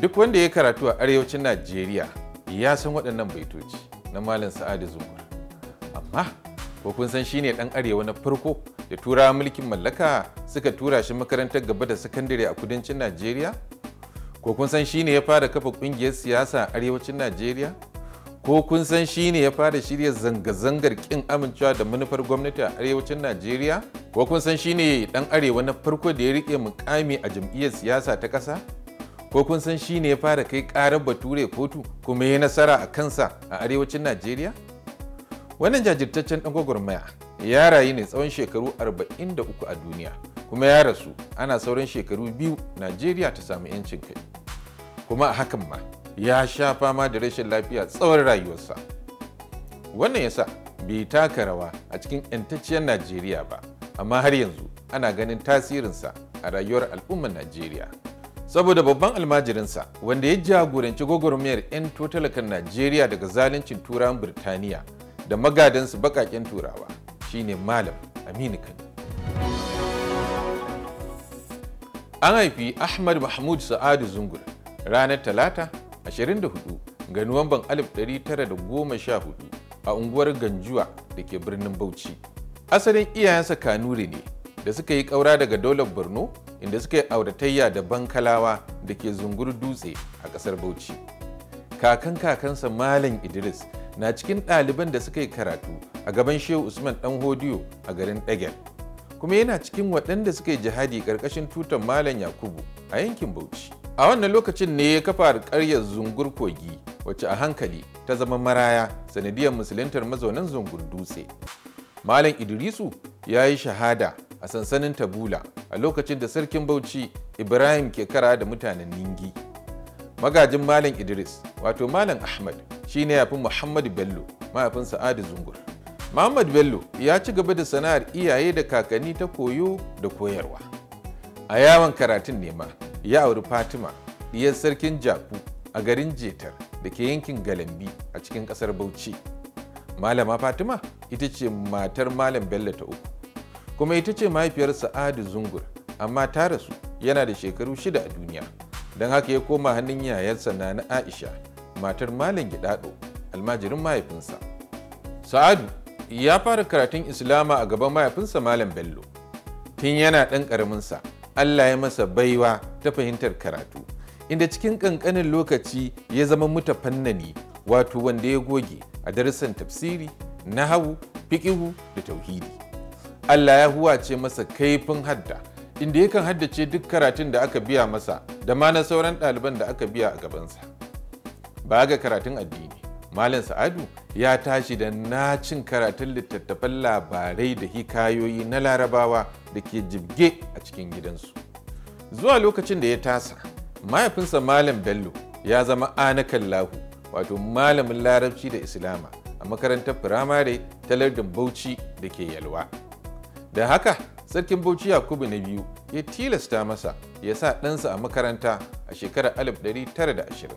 Duk wanda ya karatu a arewacin Najeriya ya san waɗannan baitoci na Malam Sa'adu Zumar. Amma ko kun san shine ɗan arewa na farko da turawa mulkin mallaka suka tura shi makarantar gaba da sakandare a kudancin Najeriya? Ko kun san shine ya fara kafa ƙungiyar siyasa a arewacin Najeriya? Ko kun san shine ya fara shirya zanga-zangar ƙin amincewa da manufar gwamnati a arewacin Najeriya? Ko kun san shine ɗan arewa na farko da ya riƙe mukami a jam'iyyar siyasa ta ƙasa? ko kun san shi ne ya fara kai karar bature kotu kuma ya nasara a kansa a arewacin najeriya wannan jajirtaccen dan gwagwarmaya ya rayu ne tsawon shekaru 43 a duniya kuma ya rasu ana sauran shekaru biyu najeriya ta samu 'yancin kai kuma a hakan ma ya sha fama da rashin lafiya tsawon rayuwarsa wannan yasa bai taka rawa a cikin 'yantacciyar najeriya ba amma har yanzu ana ganin tasirinsa a rayuwar al'ummar najeriya saboda babban almajirinsa wanda ya jagoranci gwagwarmayar 'yan totalakan najeriya daga zaluncin turawan birtaniya da magadansu bakaken turawa shine malam aminu kano an haifi ahmad mahmud sa'adu zungur ranar talata 24 ga nuwamban 1914 a unguwar ganjuwa da ke birnin bauchi asalin iyayensa kanuri ne da suka yi ƙaura daga dolar borno inda suka yi auratayya da bankalawa da ke zungur dutse a ƙasar bauchi kakan kakansa malam idris na cikin ɗaliban da suka yi karatu a gaban shehu usman dan hodiyo a garin ɗagel kuma yana cikin waɗanda suka yi jihadi ƙarƙashin tutar malam yakubu a yankin bauchi a wannan lokacin ne ya kafa ƙaryar zungur kogi wacce a hankali ta zama maraya sanadiyar musuluntar mazaunan zungur dutse malam idrisu ya yi shahada a sansanin tabula a lokacin da sarkin bauchi ibrahim ke kara da mutanen ningi magajin malam idris wato malam ahmad shine yafin muhammadu bello mahaifin sa'adu zungur muhammad bello ya ci gaba da sana'ar iyaye da kakanni ta koyo da koyarwa a yawon karatun nema ya auri fatima diyar sarkin jaku a garin jetar da ke yankin galambi a cikin kasar bauchi malama fatima ita ce matar malam bello ta uku kuma ita ce mahaifiyar sa'adu zungur amma ta rasu yana da shekaru shida a duniya don haka ya koma hannun yayarsa na na aisha matar malam gidado almajirin mahaifinsa sa'adu ya fara karatun islama a gaban mahaifinsa malam bello tun yana ɗan ƙaraminsa allah ya masa baiwa ta fahimtar karatu inda cikin ƙanƙanin lokaci ya zama muta fannani, wato wanda ya goge a darussan tafsiri nahawu fiƙihu da tauhidi Allah ya huwace masa kaifin hadda inda yakan haddace duk karatun da aka biya masa da ma na sauran ɗaliban da aka biya a gabansa. Ba ga karatun addini, Malam Sa'adu ya tashi da nacin karatun littattafan labarai da hikayoyi na larabawa da ke jibge a cikin gidansu. Zuwa lokacin da ya tasa, mahaifinsa Malam Bello ya zama anakan lahu wato malamin larabci da Islama a makarantar firamare ta lardin Bauchi da ke Yalwa. Da haka sarkin Bauchi Yakubu na biyu ya tilasta masa ya sa ɗansa a makaranta a shekarar 1920.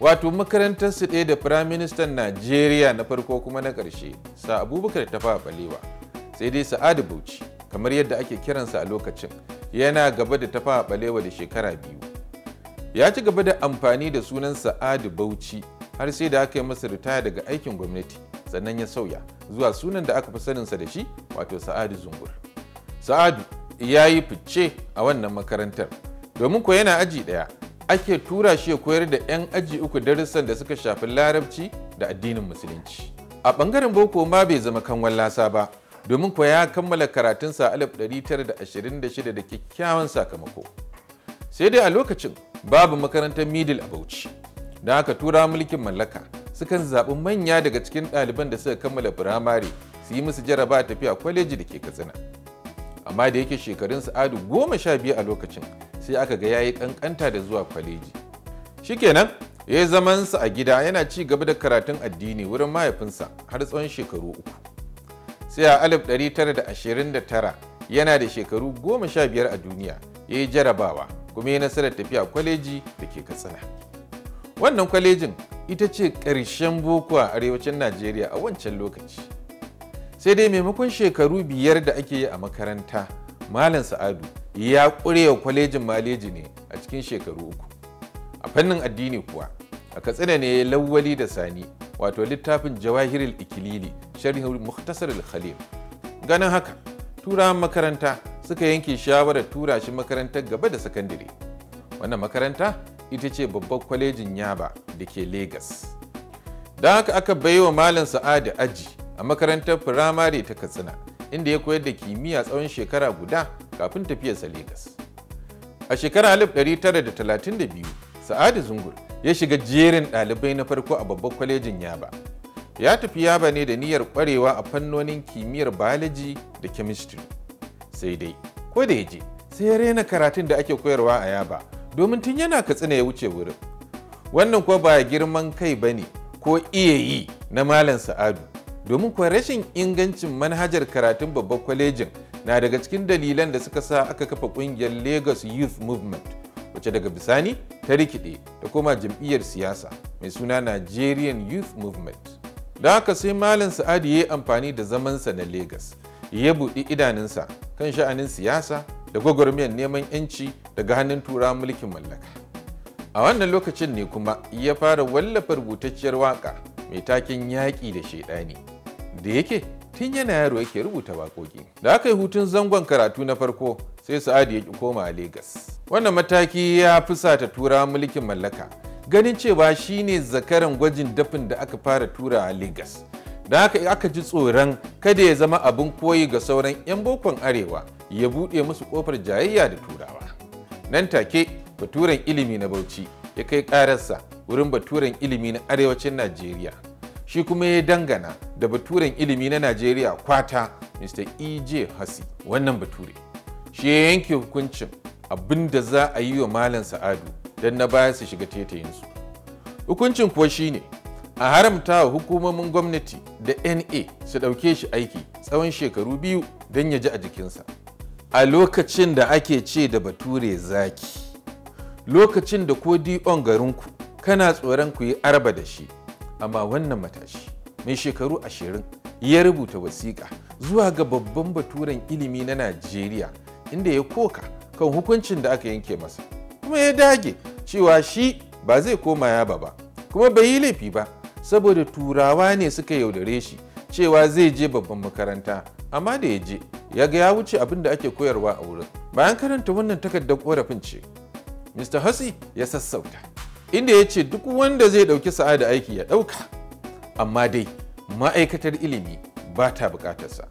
Wato makarantar su ɗaya da Firaministan Najeriya na farko kuma na ƙarshe, sa Abubakar ta fara balewa, sai dai Sa'adu Bauchi, kamar yadda ake kiransa a lokacin, yana gaba da ta fara balewa da shekara biyu. Ya ci gaba da amfani da sunan Sa'adu Bauchi har sai da aka yi masa ritaya daga aikin gwamnati, sannan ya sauya. zuwa sunan da aka fi saninsa da shi wato sa'adu zungur sa'adu ya yi fice a wannan makarantar domin ko yana aji ɗaya ake tura shi ya koyar da 'yan aji uku darussan da suka shafi larabci da addinin musulunci a ɓangaren boko ma bai zama kan wallasa ba domin ko ya kammala karatunsa a 1926 da kyakkyawan sakamako sai dai a lokacin babu makarantar middle a bauchi don aka tura mulkin mallaka sukan zaɓi manya daga cikin ɗaliban da suka kammala firamare su yi musu jaraba tafiya kwaleji da ke katsina amma da yake shekarun sa'adu goma sha biyu a lokacin sai aka ga yayi ƙanƙanta da zuwa kwaleji shikenan ya yi zamansa a gida yana ci gaba da karatun addini wurin mahaifinsa har tsawon shekaru uku sai a tara yana da shekaru goma sha biyar a duniya ya yi jarabawa kuma ya nasarar tafiya kwaleji da ke katsina wannan kwalejin ita ce ƙarshen boko a arewacin najeriya a wancan lokaci sai dai maimakon shekaru biyar da ake yi a makaranta malam sa'adu ya ƙurewa kwalejin maleji ne a cikin shekaru uku a fannin addini kuwa a katsina ne ya lawwali da sani wato littafin jawahirul ikilili sharhin muhtasar khalil ganin haka turawan makaranta suka yanke shawarar tura shi makarantar gaba da sakandare wannan makaranta ita ce babbar kwalejin yaba da ke Legas. Don haka aka bai wa Malam Sa'adu aji a makarantar firamare ta Katsina, inda ya koyar da kimiyya tsawon shekara guda kafin tafiyarsa Legas. A shekarar 1932, Sa'adu Zungur ya shiga jerin ɗalibai na farko a babbar kwalejin Yaba. Ya tafi Yaba ne da niyyar kwarewa a fannonin kimiyyar biology da chemistry. Sai dai, ko da ya je, sai ya rena karatun da ake koyarwa a Yaba, domin tun yana katsina ya wuce wurin. wannan kuwa ba girman kai ba ne ko iya yi na malam sa'adu domin kuwa rashin ingancin manhajar karatun babban kwalejin na daga cikin dalilan da suka sa aka kafa kungiyar lagos youth movement wacce daga bisani ta rikide da koma jam'iyyar siyasa mai suna nigerian youth movement don haka sai malam sa'adu ya yi amfani da zamansa na lagos ya buɗi idanunsa kan sha'anin siyasa da gwagwarmiyar neman 'yanci daga hannun tura mulkin mallaka a wannan lokacin ne kuma ya fara wallafa rubutacciyar waƙa mai taken yaƙi da shaidani da yake tun yana yaro yake rubuta waƙoƙi da aka yi hutun zangon karatu na farko sai sa'adu ya ki koma Legas. wannan mataki ya fusata tura mulkin mallaka ganin cewa shine zakaran gwajin dafin da aka fara tura a Legas. da haka aka ji tsoron kada ya zama abin koyi ga sauran 'yan bokon arewa ya buɗe musu ƙofar jayayya da turawa nan take baturen ilimi na bauchi ya kai ƙararsa wurin baturen ilimi na arewacin najeriya shi kuma ya dangana da baturen ilimi na najeriya kwata mr ej hasi wannan bature shi ya yanke hukuncin abin da za a yi wa malam sa'adu don na baya su shiga tetayinsu hukuncin kuwa shine a haramta wa hukumomin gwamnati da na su ɗauke shi aiki tsawon shekaru biyu don ya ji a jikinsa a lokacin da ake ce da bature zaki lokacin da ko on garinku kana tsoron ku yi arba da shi amma wannan matashi mai shekaru ashirin ya rubuta wasiƙa zuwa ga babban baturen ilimi na najeriya inda ya koka kan hukuncin da aka yanke masa kuma ya dage cewa shi ba zai koma yaba ba kuma bai yi laifi ba saboda turawa ne suka yaudare shi cewa zai je babban makaranta amma da ya je ya ga ya wuce abin da ake koyarwa a wurin bayan karanta wannan takardar korafin ce Mr. Hussey ya sassauta. Inda ya ce duk wanda zai ɗauki sa'ada aiki ya ɗauka, amma dai ma'aikatar ilimi ba ta buƙatarsa.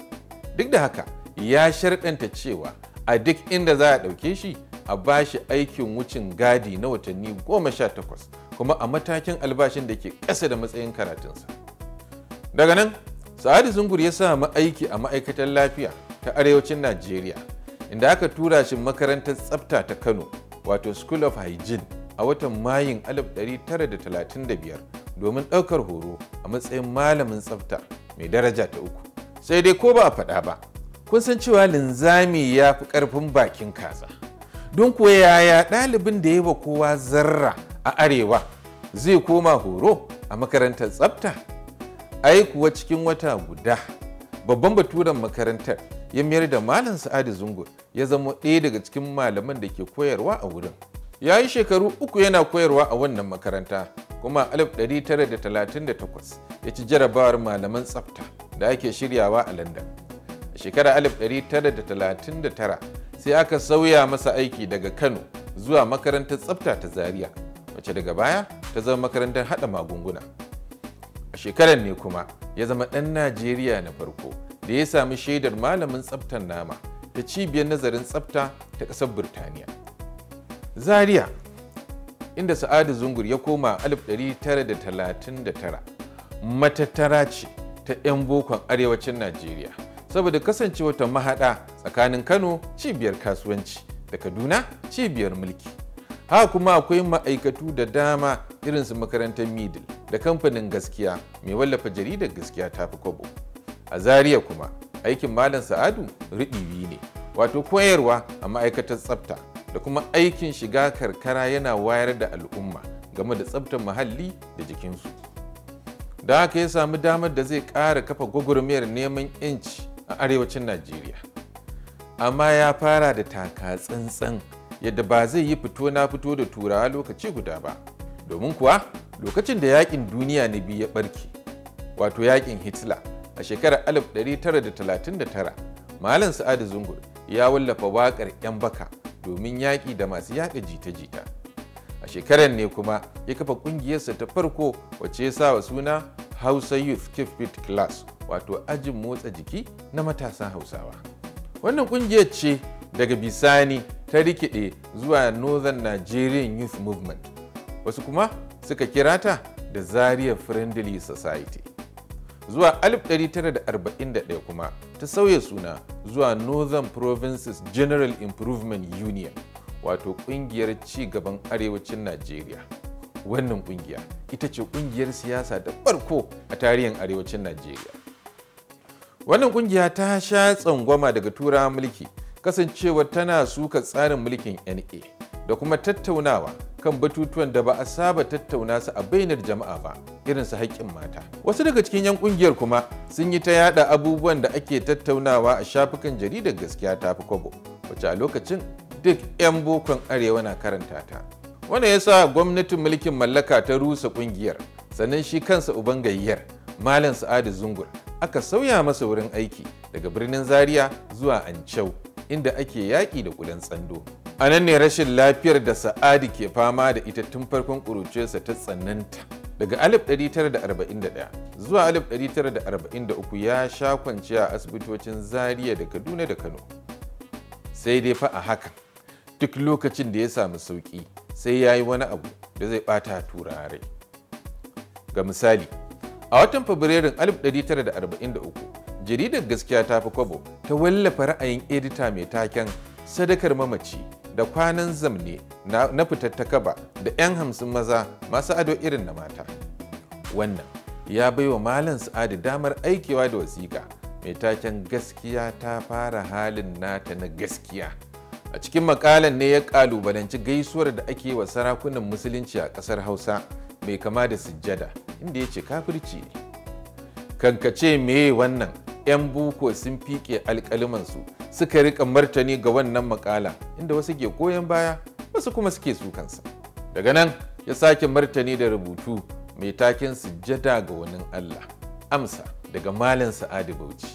Duk da haka ya sharɗanta cewa a duk inda za a ɗauke shi a ba shi aikin wucin gadi na watanni goma sha takwas kuma a matakin albashin da ke ƙasa da matsayin karatunsa. Daga nan, Sa'adu Zungur ya samu aiki a ma'aikatar lafiya ta arewacin Najeriya, inda aka tura shi makarantar tsafta ta Kano wato School of Hygiene a watan Mayun 1935 domin ɗaukar horo a matsayin malamin tsafta mai daraja ta uku. Sai dai ko ba a faɗa ba, kun san cewa linzami ya fi ƙarfin bakin kaza. Don kuwa yaya ɗalibin da ya wa kowa zarra a arewa zai koma horo a makarantar tsafta? Ai kuwa cikin wata guda, babban baturen makarantar ya mayar da Malam Sa'adu Zungur ya zama ɗaya daga cikin malaman da ke koyarwa a wurin ya yi shekaru uku yana koyarwa a wannan makaranta kuma 1938 ya ci jarabawar malaman tsafta da ake shiryawa a london a shekarar 1939 sai aka sauya masa aiki daga kano zuwa makarantar tsafta ta zaria wacce daga baya ta zama makarantar hada magunguna a shekarar ne kuma ya zama ɗan najeriya na farko da ya sami shaidar malamin tsaftar nama da cibiyar nazarin tsafta ta ƙasar Birtaniya. Zaria inda Sa'adu Zungur ya koma 1939 matattara ce ta 'yan bokon arewacin Najeriya saboda kasancewa ta mahaɗa tsakanin Kano cibiyar kasuwanci da Kaduna cibiyar mulki. Ha kuma akwai ma'aikatu da dama irin su makarantar Middle da kamfanin gaskiya mai wallafa jaridar gaskiya ta fi kwabo. A Zaria kuma aikin malam sa'adu riɗi ne wato koyarwa a ma'aikatar tsafta da kuma aikin shiga karkara yana wayar da al'umma game da tsaftar muhalli da jikinsu da haka ya samu damar da zai ƙara kafa gwagwarmayar neman 'yanci a arewacin najeriya amma ya fara da taka tsantsan yadda ba zai yi fito na fito da turawa lokaci guda ba domin kuwa lokacin da yaƙin duniya na biyu ya ɓarke, wato yaƙin hitler a shekarar 1939 malam sa'adu zungur ya wallafa waƙar 'yan baka domin yaƙi da masu yaƙa jita-jita a shekarar ne kuma ya kafa ƙungiyarsa ta farko wacce ya sa wa suna hausa youth keep class wato ajin motsa jiki na matasan hausawa wannan ƙungiyar ce daga bisani ta rikide zuwa northern nigerian youth movement wasu kuma suka kira ta da zaria friendly society zuwa 1941 kuma ta sauya suna zuwa northern provinces general improvement union wato kungiyar ci gaban arewacin najeriya wannan kungiya ita ce kungiyar siyasa da farko a tarihin arewacin najeriya wannan kungiya ta sha tsangwama daga turawa mulki kasancewa tana suka tsarin mulkin na da kuma tattaunawa kan batutuwan da ba a saba tattauna su a bainar jama'a ba irin su haƙƙin mata wasu daga cikin 'yan ƙungiyar kuma sun yi ta yada abubuwan da ake tattaunawa a shafukan jaridar gaskiya ta fi kwabo wacce a lokacin duk 'yan bokon arewa na karanta ta wani ya sa gwamnatin mulkin mallaka ta rusa ƙungiyar sannan shi kansa uban gayyar malam sa'adu zungur aka sauya masa wurin aiki daga birnin zaria zuwa ancau inda ake yaƙi da ƙudan tsando a nan ne rashin lafiyar da sa'adi ke fama da ita tun farkon ƙuruciyarsa ta tsananta daga 1941 zuwa 1943 ya sha kwanciya a asibitocin zaria da kaduna da kano sai dai fa a haka duk lokacin da ya samu sauƙi sai ya yi wani abu da zai ɓata turare ga misali a watan fabrairun 1943 jaridar gaskiya ta fi kwabo ta wallafa ra'ayin edita mai taken sadakar mamaci da kwanan zamne na fitattaka ba da 'yan hamsin maza masu ado irin na mata wannan ya bai wa malam sa'adu damar aikewa da wasiƙa mai taken gaskiya ta fara halin nata na gaskiya a cikin makalan ne ya kalubalanci gaisuwar da ake wa sarakunan musulunci a ƙasar hausa mai kama da sujjada inda ya ce kafirci ne kankace meye wannan 'yan buko sun fiƙe alƙalimansu suka rika martani ga wannan makala inda wasu ke koyon baya wasu kuma suke sukansa daga nan ya sake martani da rubutu mai takin sujjada ga wani Allah amsa daga malam sa'adu bauchi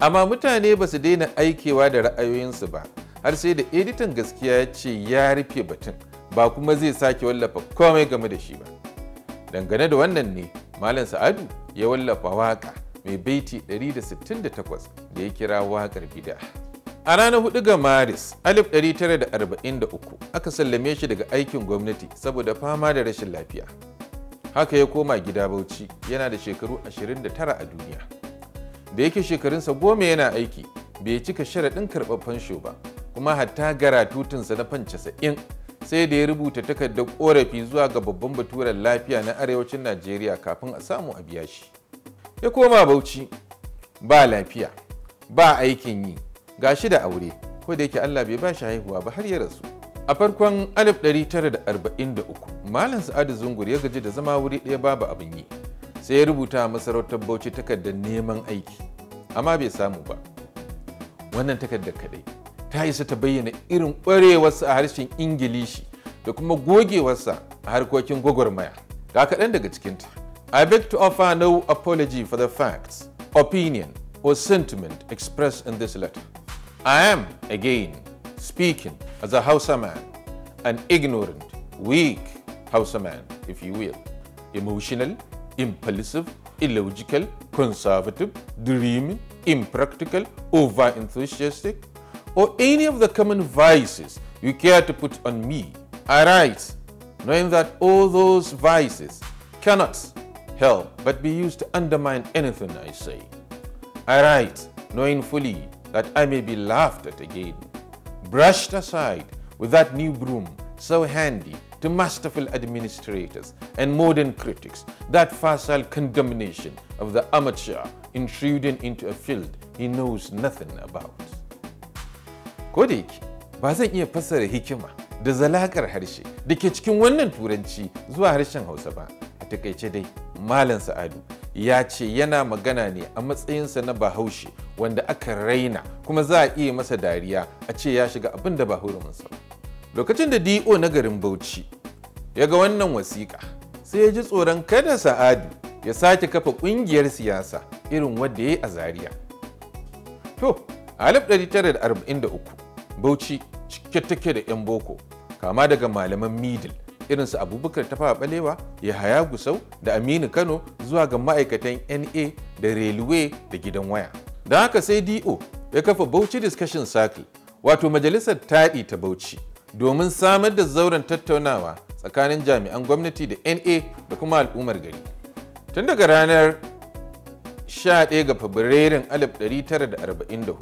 amma mutane ba su daina aikewa da ra'ayoyinsu ba har sai da editan gaskiya ya ce ya rufe batun ba kuma zai sake wallafa komai game da shi ba dangane da wannan ne malam sa'adu ya wallafa waka mai baiti 168 da ya kira waƙar gida. A ranar 4 ga Maris 1943 aka sallame shi daga aikin gwamnati saboda fama da rashin lafiya. Haka ya koma gida Bauchi yana da shekaru 29 a duniya. Da yake shekarunsa goma yana aiki bai cika sharaɗin karɓar fansho ba kuma hatta gara tutunsa na fan casa'in, sai da ya rubuta takardar korafi zuwa ga babban baturen lafiya na arewacin Najeriya kafin a samu a biya shi. Ya koma Bauchi ba lafiya. ba aikin yi ga shi da aure ko da yake Allah bai ba shi haihuwa ba har ya rasu a farkon 1943 malam sa'adu zungur ya gaji da zama wuri ɗaya babu abin yi sai ya rubuta masarautar bauchi takardar neman aiki amma bai samu ba wannan takardar kaɗai ta isa ta bayyana irin ƙwarewarsa a harshen ingilishi da kuma gogewarsa a harkokin gwagwarmaya ga kaɗan daga cikinta i beg to offer no apology for the facts opinion or sentiment expressed in this letter. I am, again, speaking as a Hausa man, an ignorant, weak Hausa man, if you will, emotional, impulsive, illogical, conservative, dreaming, impractical, over-enthusiastic, or any of the common vices you care to put on me. I write, knowing that all those vices cannot help but be used to undermine anything I say. I write, knowing fully that I may be laughed at again, brushed aside with that new broom so handy to masterful administrators and modern critics, that facile condemnation of the amateur intruding into a field he knows nothing about. Kodik, da yake ba zan iya fassara hikima da zalakar harshe da ke cikin wannan turanci zuwa harshen Hausa ba, a dai Malam Sa'adu ya ce yana magana ne a matsayinsa na bahaushe wanda aka raina kuma za a iya masa dariya a ce ya shiga abin da ba hurumunsa lokacin da do na garin bauchi ya ga wannan wasiƙa sai ya ji tsoron kada sa'adu ya sake kafa ƙungiyar siyasa irin wadda ya yi a Zariya. to a 1943 bauchi cike take da 'yan boko kama daga malaman middle irin su abubakar tafawa balewa ya haya gusau da aminu kano zuwa ga ma'aikatan na da railway da gidan waya don haka sai do ya kafa bauchi discussion circle wato majalisar taɗi ta bauchi domin samar da zauren tattaunawa tsakanin jami'an gwamnati da na da kuma al'ummar gari tun daga ranar 11 ga fabrairun 1944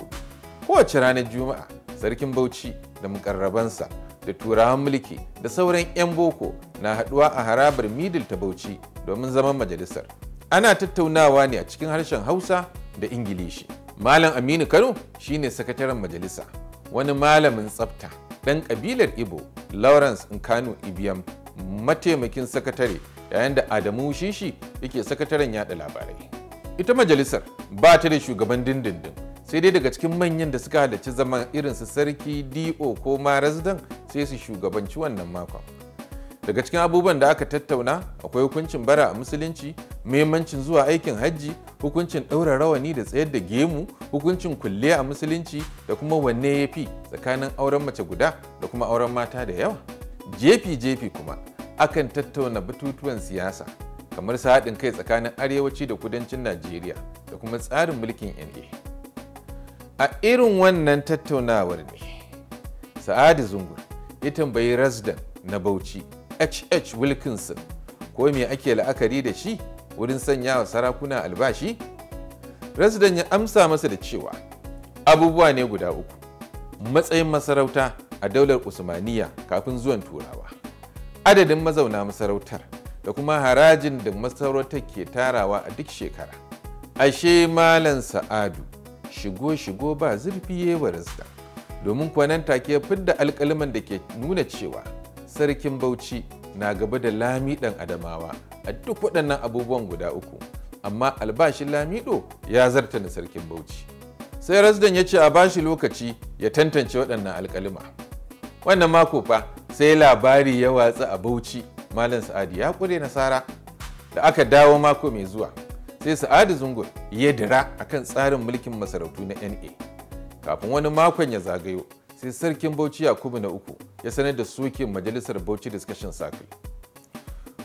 kowace ranar juma'a sarkin bauchi da mukarrabansa da turawan mulki da sauran 'yan boko na haduwa a harabar midil ta bauchi domin zaman majalisar ana tattaunawa ne a cikin harshen hausa da ingilishi malam aminu kano shine sakataren majalisa wani malamin tsafta ɗan kabilar ibo lawrence nkanu ibiyam mataimakin sakatare yayin da adamu shishi yake sakataren yada labarai ita majalisar ba ta da shugaban dindindin sai dai daga cikin manyan da suka halarci zaman irin su sarki do ko ma resident sai su shugabanci wannan makon daga cikin abubuwan da aka tattauna akwai hukuncin bara a musulunci muhimmancin zuwa aikin hajji hukuncin ɗaura rawani da tsayar da gemu hukuncin kulle a musulunci da kuma wanne ya fi tsakanin auren mace guda da kuma auren mata da yawa jefi jefi kuma akan tattauna batutuwan siyasa kamar su haɗin kai tsakanin arewaci da kudancin najeriya da kuma tsarin mulkin na a irin wannan tattaunawar ne sa'adu zungur ya tambayi rasdan na bauchi hh wilkinson ko me ake la'akari da shi wurin sanya wa sarakuna albashi rasdan ya amsa masa da cewa abubuwa ne guda uku matsayin masarauta a daular usmaniya kafin zuwan turawa adadin mazauna masarautar da kuma harajin da masarautar ke tarawa a duk shekara ashe malam sa'adu shigo shigo ba zurfi ya warinsa domin kuwa nan take fidda alkaliman da ke nuna cewa sarkin bauchi na gaba da lami adamawa a duk waɗannan abubuwan guda uku amma albashin lamido ya zarta na sarkin bauchi sai rasdan ya ce a bashi lokaci ya tantance waɗannan alkalima wannan mako fa sai labari ya watsa a bauchi malam sa'adi ya kure nasara da aka dawo mako mai zuwa sai sa'adu zungur ya dira akan tsarin mulkin masarautu na na kafin wani makon ya zagayo sai sarkin bauchi yakubu na uku ya sanar da suke majalisar bauchi discussion circle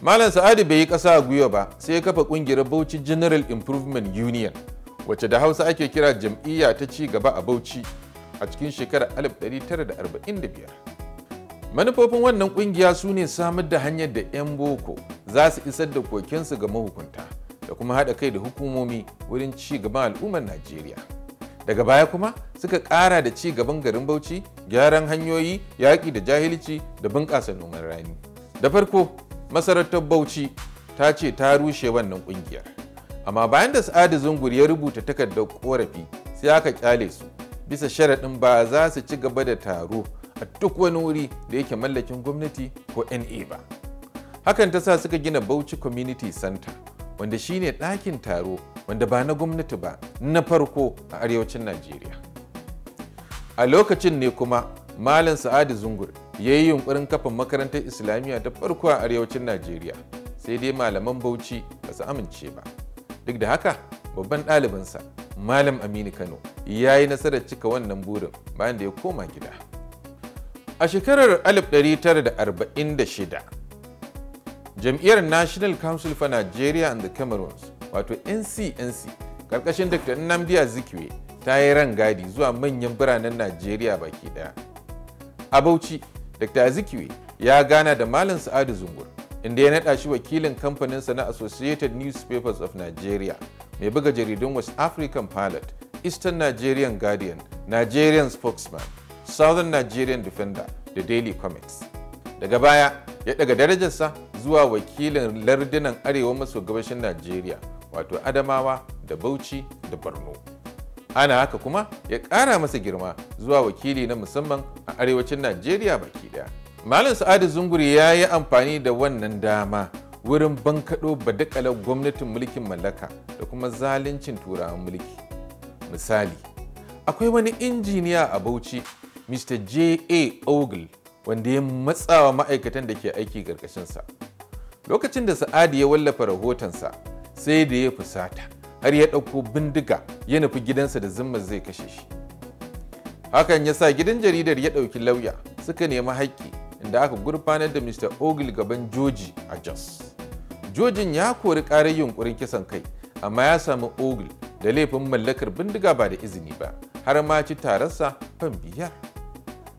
malam sa'adu bai yi kasa a gwiwa ba sai ya kafa ƙungiyar bauchi general improvement union wacce da hausa ake kira jam'iyya ta ci gaba a bauchi a cikin shekarar 1945 manufofin wannan ƙungiya su ne samar da hanyar da 'yan boko za su isar da kokensu ga mahukunta da kuma haɗa kai da hukumomi wurin ci gaban al'ummar Najeriya. Daga baya kuma suka ƙara da ci gaban garin Bauchi, gyaran hanyoyi, yaƙi da jahilci da bunƙasa noman rani. Da farko, masarautar Bauchi ta ce ta rushe wannan ƙungiyar. Amma bayan da Sa'adu Zungur ya rubuta takardar ƙorafi sai aka ƙyale su bisa sharaɗin ba za su ci gaba da taro a duk wani wuri da yake mallakin gwamnati ko NA ba. Hakan ta sa suka gina Bauchi Community Center wanda shine ɗakin taro wanda ba na gwamnati ba na farko a arewacin najeriya a lokacin ne kuma malam sa'adu zungur ya yi yunkurin kafa makarantar islamiyya ta farko a arewacin najeriya sai dai malaman bauchi ba su amince ba duk da haka babban ɗalibinsa malam aminu kano ya yi nasarar cika wannan burin bayan da ya koma gida a shekarar 1946 jam'iyyar national council for nigeria and the cameroons wato ncnc karkashin dr nnamdi azikiwe ta yi rangadi zuwa manyan biranen najeriya baki daya a bauchi dr azikiwe ya gana da malam sa'adu zungur inda ya naɗa shi wakilin kamfaninsa na associated newspapers of nigeria mai buga jaridun west african pilot eastern nigerian guardian nigerian spokesman southern nigerian defender da daily comics daga baya ya daga darajarsa zuwa wakilin lardunan arewa maso gabashin Najeriya wato Adamawa da Bauchi da Borno. Ana haka kuma ya ƙara masa girma zuwa wakili na musamman a arewacin Najeriya baki ɗaya. Malam Sa'adu Zunguri ya yi amfani da wannan dama wurin bankaɗo badakalar gwamnatin mulkin mallaka da kuma zaluncin turawan mulki. Misali, akwai wani injiniya a Bauchi, Mr. J.A. Ogle, wanda ya matsawa ma'aikatan da ke aiki ƙarƙashinsa. lokacin da sa'adi ya wallafa rahotonsa sai da ya fusata har ya ɗauko bindiga ya nufi gidansa da zimmar zai kashe shi hakan ya sa gidan jaridar ya ɗauki lauya suka nemi haƙƙi inda aka gurfanar da mr ogil gaban joji a jos jojin ya kori ƙarar yunkurin kisan kai amma ya sami ogil da laifin mallakar bindiga ba da izini ba har ma ci tararsa fan biyar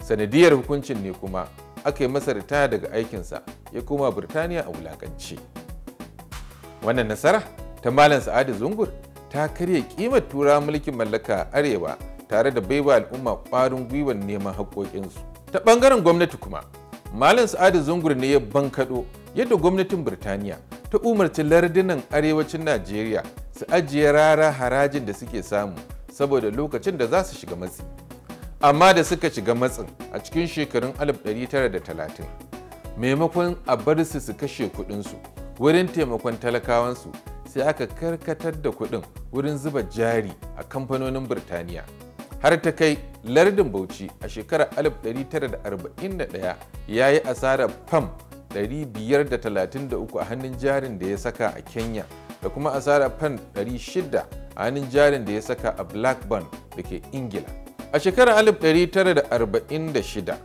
sanadiyar hukuncin ne kuma aka yi masa ritaya daga aikinsa ya koma Birtaniya a wulakanci. Wannan nasara ta Malam Sa'adu Zungur ta karya kimar tura mulkin mallaka arewa tare da baiwa al'umma ƙwarin gwiwar neman haƙoƙinsu. Ta ɓangaren gwamnati kuma, Malam Sa'adu Zungur ne ya bankaɗo yadda gwamnatin Birtaniya ta umarci lardunan arewacin Najeriya su ajiye rara harajin da suke samu saboda lokacin da za su shiga matsi. amma da suka shiga matsin a cikin shekarun 1930 maimakon a bar su su kashe kudinsu wurin taimakon talakawansu sai aka karkatar da kudin wurin zuba jari a kamfanonin birtaniya har ta kai lardin bauchi a shekarar 1941 ya yi asarar fam 533 a hannun jarin da ya saka a kenya da kuma asarar fam 600 a hannun jarin da ya saka a blackburn da ke ingila A shekarar 1946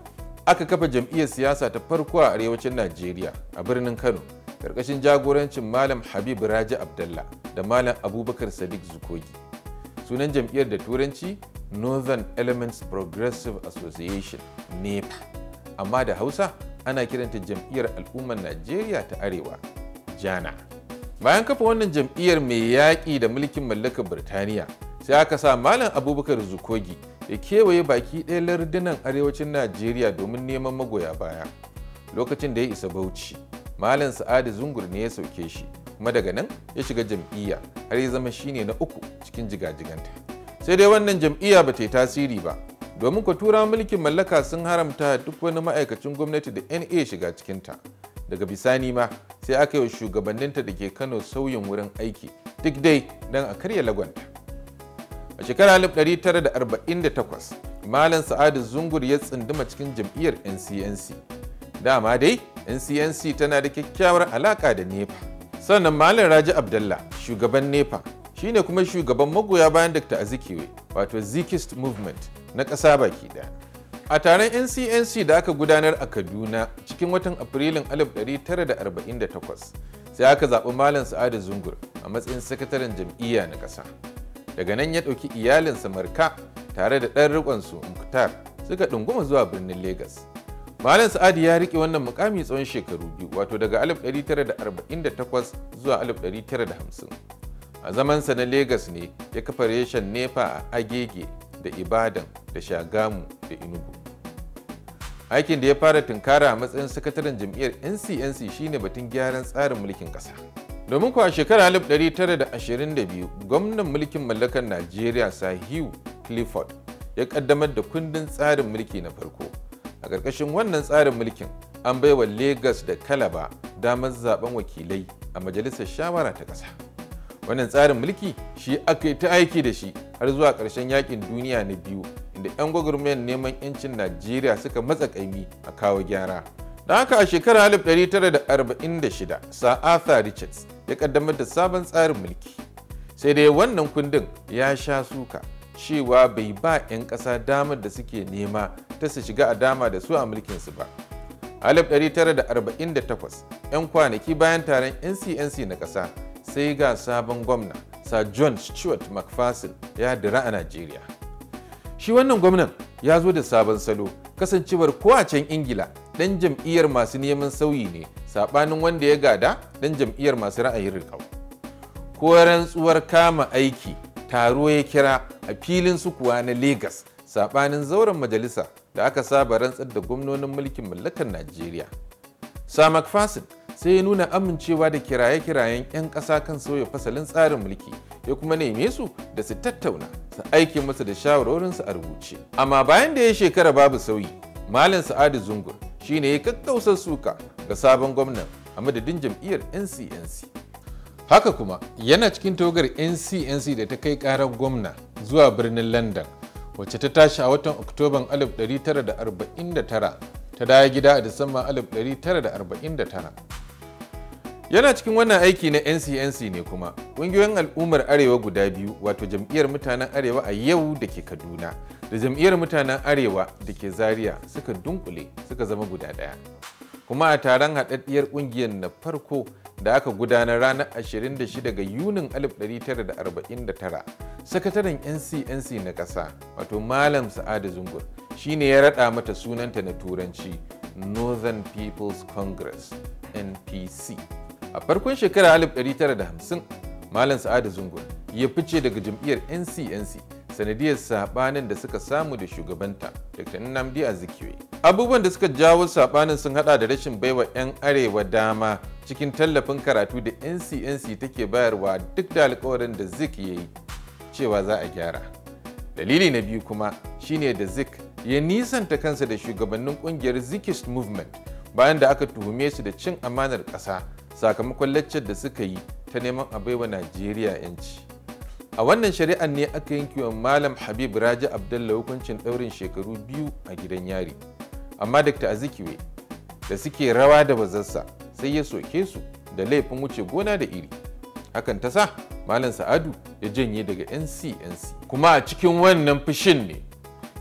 aka kafa jam'iyyar siyasa ta farko a arewacin Najeriya a birnin Kano ƙarƙashin jagorancin Malam Habib Raji Abdullah da Malam Abubakar Sadiq Zukogi. Sunan jam'iyyar da Turanci Northern Elements Progressive Association NEPA amma da Hausa ana kiranta jam'iyyar al'ummar Najeriya ta Arewa Jana. Bayan kafa wannan jam'iyyar mai yaƙi da mulkin mallakar Birtaniya sai aka sa Malam Abubakar Zukogi ya kewaye baki ɗaya lardunan arewacin najeriya domin neman magoya baya lokacin da ya isa bauchi malam sa'adu zungur ne ya sauke shi kuma daga nan ya shiga jam'iyya har ya zama shine na uku cikin jigajiganta sai dai wannan jam'iyya ba ta yi tasiri ba domin ku tura mulkin mallaka sun haramta duk wani ma'aikacin gwamnati da na shiga cikinta daga bisani ma sai aka yi wa shugabanninta da ke kano sauyin wurin aiki duk dai don a karya lagwanta a shekarar 1948 malam sa'adu zungur ya tsunduma cikin jam'iyyar ncnc dama dai ncnc tana da kyakkyawar alaka da nepa sannan malam raji Abdullah, shugaban nepa ne kuma shugaban magoya bayan dr azikiwe wato zikist movement na ƙasa baki ɗaya a taron ncnc da aka gudanar a kaduna cikin watan afrilun 1948 sai aka zaɓi malam sa'adu zungur a matsayin sakataren jam'iyya na ƙasa daga nan ya ɗauki iyalinsa marka tare da ɗan riƙonsu muktar suka ɗunguma zuwa birnin Legas. Malam Sa'adu ya riƙe wannan mukami tsawon shekaru biyu wato daga 1948 zuwa 1950. A zamansa na Legas ne ya kafa reshen Nefa a Agege da Ibadan da Shagamu da Inugu. Aikin da ya fara tunkara a matsayin sakataren jam'iyyar NCNC shine batun gyaran tsarin mulkin ƙasa. domin kuwa shekara 1922 gwamnan mulkin mallakar najeriya sahiu clifford ya kaddamar da kundin tsarin mulki na farko a ƙarƙashin wannan tsarin mulkin an baiwa lagos da kalaba damar zaben wakilai a majalisar shawara ta ƙasa wannan tsarin mulki shi aka yi ta aiki da shi har zuwa ƙarshen yakin duniya na biyu inda 'yan gwagwarmayar neman 'yancin najeriya suka matsa ƙaimi a kawo gyara da haka a shekarar 1946 sir arthur richards ya kaddamar da sabon tsarin mulki sai dai wannan kundin ya sha suka cewa bai ba 'yan ƙasa damar da suke nema ta su shiga a dama da su a mulkinsu ba. 1948 'yan kwanaki bayan taron ncnc na ƙasa sai ga sabon gwamna sir john stuart mcpherson ya dira a nigeria. shi wannan gwamnan ya zo da sabon salo kasancewar ko a can ingila ɗan jam'iyyar masu neman sauyi ne saɓanin wanda ya gada ɗan jam'iyyar masu ra'ayin rikau ko rantsuwar kama aiki taro ya kira a filin sukuwa na Legas saɓanin zauren majalisa da aka saba rantsar da gwamnonin mulkin mallakar Najeriya. Samak fasil sai ya nuna amincewa da kiraye-kirayen 'yan ƙasa kan sauya fasalin tsarin mulki ya kuma neme su da su tattauna su aiki masa da shawarorinsu a rubuce. Amma bayan da ya shekara babu sauyi, Malam Sa'adu Zungur shine ya kakkausa suka ga sabon gwamnan a madadin jam'iyyar ncnc haka kuma yana cikin togar ncnc da ta kai karar gwamna zuwa birnin london wacce ta tashi a watan oktoban 1949 ta dawo gida a disamba 1949 yana cikin wannan aiki na ncnc ne kuma ƙungiyoyin al'ummar arewa guda biyu wato jam'iyyar mutanen arewa a yau da ke kaduna da jam'iyyar mutanen arewa da ke zaria suka dunkule suka zama guda ɗaya kuma a taron haɗaɗɗiyar ƙungiyar na farko da aka gudanar ranar 26 ga yunin 1949 sakataren ncnc na ƙasa wato malam sa'adu zungur shine ya raɗa mata sunanta na turanci northern people's congress npc a farkon shekarar 1950 malam sa'adu zungun ya fice daga jam'iyyar ncnc sanadiyar sabanin da suka samu da shugabanta dr nnamdi azikiwe abubuwan da suka jawo sabanin sun hada da rashin baiwa 'yan arewa dama cikin tallafin karatu da ncnc take bayarwa duk da alkawarin da zik ya yi cewa za a gyara dalili na biyu kuma shine da zik ya nisanta kansa da shugabannin kungiyar zikist movement bayan da aka tuhume su da cin amanar kasa. sakamakon laccar da suka yi ta neman a baiwa najeriya yanci a wannan shari'ar ne aka yanke wa malam habib raja abdalla hukuncin ɗaurin shekaru biyu a gidan yari amma dr azikiwe da suke rawa da bazarsa sai ya soke su da laifin wuce gona da iri hakan ta sa malam sa'adu ya janye daga ncnc kuma a cikin wannan fushin ne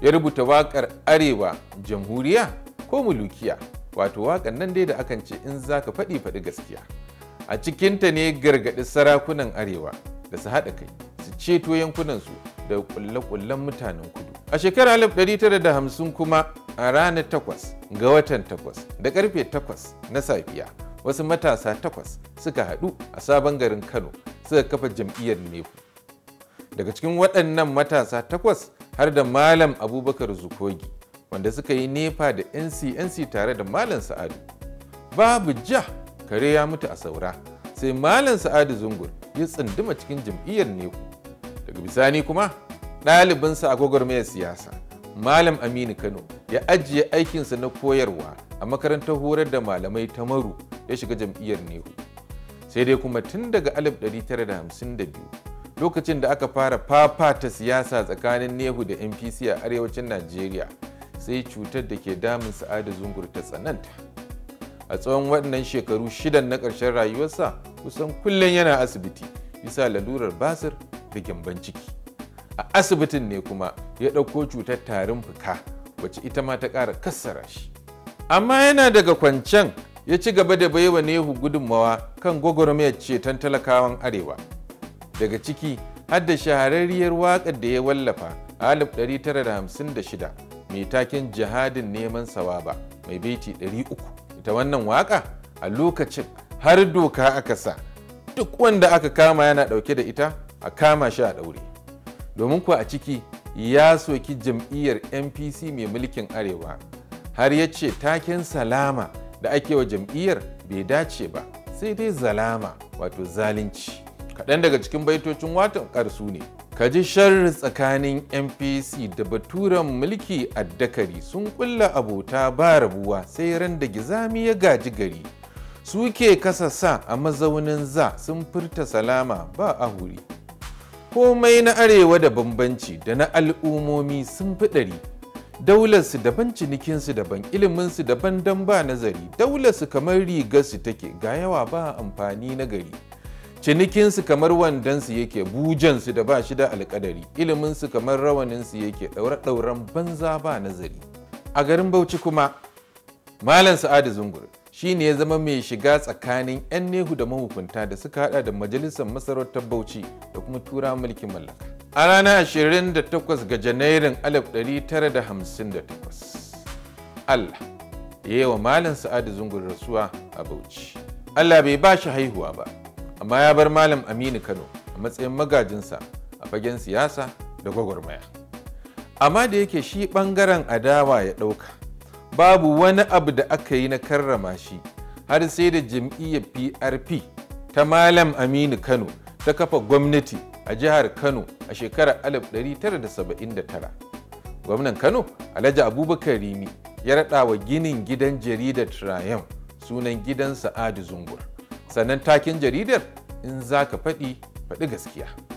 ya rubuta waƙar arewa jamhuriya ko mulukiya wato waƙan nan dai da akan ce in za ka faɗi faɗi gaskiya a cikinta ne gargaɗi sarakunan arewa da su haɗa kai su ceto yankunansu da ƙulle-ƙullen mutanen kudu a shekarar 1950 kuma a ranar takwas ga watan takwas da ƙarfe takwas na safiya wasu matasa takwas suka haɗu a sabon garin kano suka kafa jam'iyyar nefu daga cikin waɗannan matasa takwas har da malam abubakar zukogi wanda suka yi nefa da ncnc tare da malam sa'adu babu ja kare ya mutu a saura sai malam sa'adu zungur ya tsunduma cikin jam'iyyar neku daga bisani kuma ɗalibinsa a gwagwarmayar siyasa malam aminu kano ya ajiye aikinsa na koyarwa a makarantar horar da malamai ta maru ya shiga jam'iyyar nehu sai dai kuma tun daga 1952 lokacin da aka fara fafata siyasa tsakanin nehu da npc a arewacin najeriya sai cutar da ke damun sa'ada zungur ta tsananta a tsawon waɗannan shekaru shidan na ƙarshen rayuwarsa kusan kullum yana asibiti bisa lalurar basir da gyamban ciki a asibitin ne kuma ya ɗauko cutar tarin fuka wacce ita ma ta ƙara kassara shi amma yana daga kwancen ya ci gaba da baiwa nehu gudunmawa kan gwagwarmayar ceton talakawan arewa daga ciki har da shahararriyar waƙar da ya wallafa a 1956 mai taken jihadin neman sawaba mai baiti 300 ita wannan waka a lokacin har doka aka sa duk wanda aka kama yana dauke da ita a kama shi a daure domin kuwa a ciki ya soki jam'iyyar mpc mai mulkin arewa har ya ce taken salama da ake wa jam'iyyar bai dace ba sai dai zalama wato zalunci kaɗan daga cikin baitocin watan ƙarsu ne kaji shar tsakanin npc da baturen mulki addakari sun kulla abota ba rabuwa sai ran da gizami ya gaji gari suke kasa sa a mazaunin za sun furta salama ba a huri komai na arewa da bambanci da na al'ummomi sun fi ɗari daularsu daban cinikinsu daban iliminsu daban don ba nazari su kamar rigarsu take ga yawa ba amfani na gari cinikinsu kamar wandonsu yake bujansu da ba shi da alƙadari iliminsu kamar rawaninsu yake ɗaure-ɗauren banza ba nazari a garin bauchi kuma malam sa'adu zungur shi ne ya zama mai shiga tsakanin 'yan nehu da mahukunta da suka hada da majalisar masarautar bauchi da kuma tura mulkin mallaka a ranar 28 ga janairun 1958 allah ya yi wa malam sa'adu zungur rasuwa a bauchi allah bai ba shi haihuwa ba amma ya bar malam aminu kano a matsayin magajinsa a fagen siyasa da gwagwarmaya amma da yake shi bangaren adawa ya ɗauka babu wani abu da aka yi na karrama shi har sai da jam'iyyar prp ta malam aminu kano ta kafa gwamnati a jihar kano a shekarar 1979 gwamnan kano alhaji abubakar rimi ya raɗa wa ginin gidan jaridar triumph sunan gidan adi zungur sannan takin jaridar in za ka faɗi faɗi gaskiya